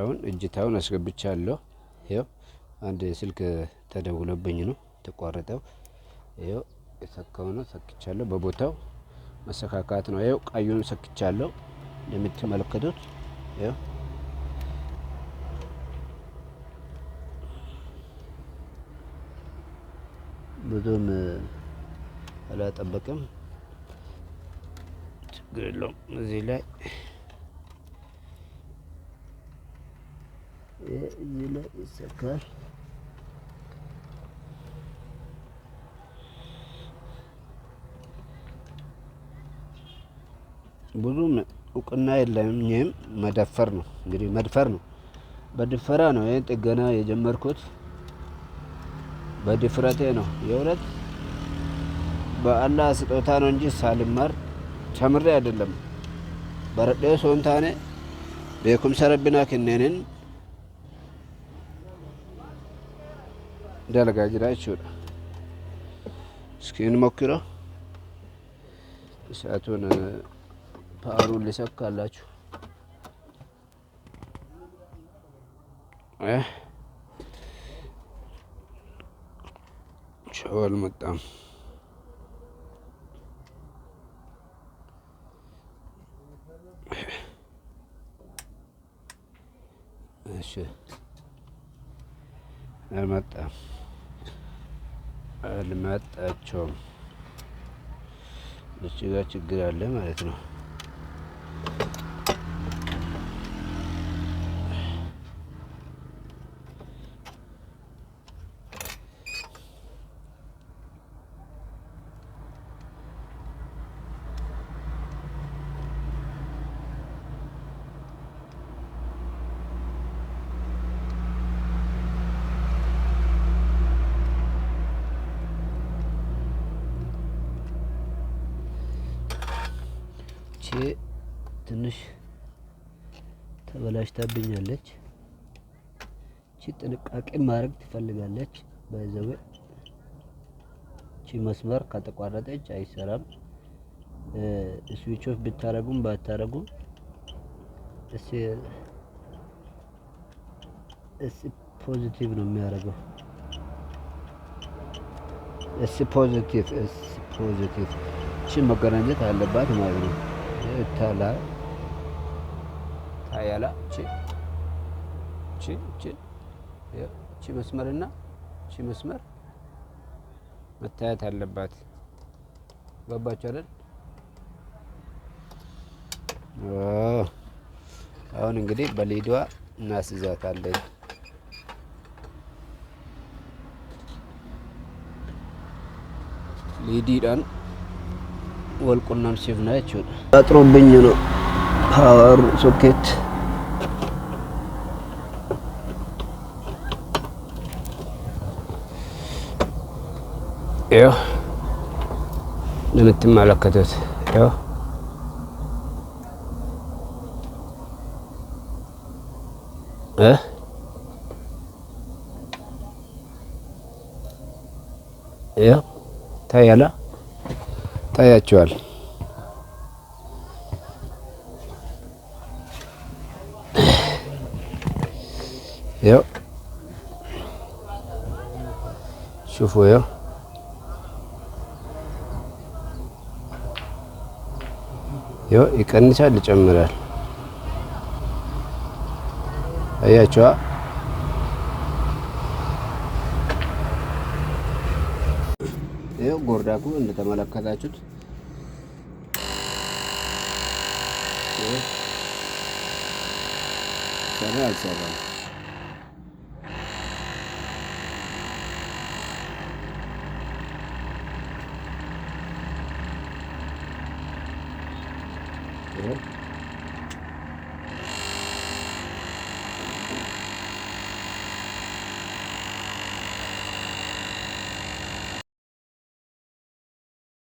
አሁን እጅታውን አስገብቻለሁ። ይኸው አንድ ስልክ ተደውሎብኝ ነው ተቋረጠው። ይኸው የሰካው ነው ሰክቻለሁ። በቦታው መሰካካት ነው። ይኸው ቀዩን ሰክቻለሁ እንደምትመለከቱት። ይኸው ብዙም አላጠበቅም። ችግር የለውም እዚህ ላይ ve yine sakar. ብዙም እውቅና የለኝም። መደፈር ነው እንግዲህ መድፈር ነው። በድፈራ ነው ይህን ጥገና የጀመርኩት በድፍረቴ ነው። የእውነት በአላህ ስጦታ ነው እንጂ ሳልማር ተምሬ አይደለም። በረዴ ሶንታኔ ቤኩም ሰረቢና ክኔንን Delega jiraachuudha. Iskiin mokkiro isaatuun paaruullis akka allaachu. ሸወል መጣም እሺ አልመጣም አልመጣቸውም። እዚህ ጋር ችግር አለ ማለት ነው። ትንሽ ተበላሽታብኛለች። ቺ ጥንቃቄ ማድረግ ትፈልጋለች። ባይዘው ቺ መስመር ከተቋረጠች አይሰራም። ስዊቾች ብታረጉም ባታረጉም እስ ፖዚቲቭ ነው የሚያደርገው። እስ ፖዚቲቭ እስ ፖዚቲቭ ቺ መገናኘት አለባት ማለት ነው። ተለ ታየላ ቺ ቺ ቺ ቺ መስመርና ቺ መስመር መታየት አለባት። ገባችሁ አይደል? አሁን እንግዲህ በሊዷ እናስይዛታለን። ሊዲዳን ወልቁናን ሲቭና ያችሁን አጥሮብኝ ነው ፓወር ሶኬት ይኸው እንደምትመለከቱት ይኸው እ ይኸው ታያላ ታያቸዋል። ያው ሹፉ ያው ያው ይቀንሳል ይጨምራል። አያቸዋ ይኸው ጎርዳኩ እንደተመለከታችሁት ሰራ አልሰራም። ይኸው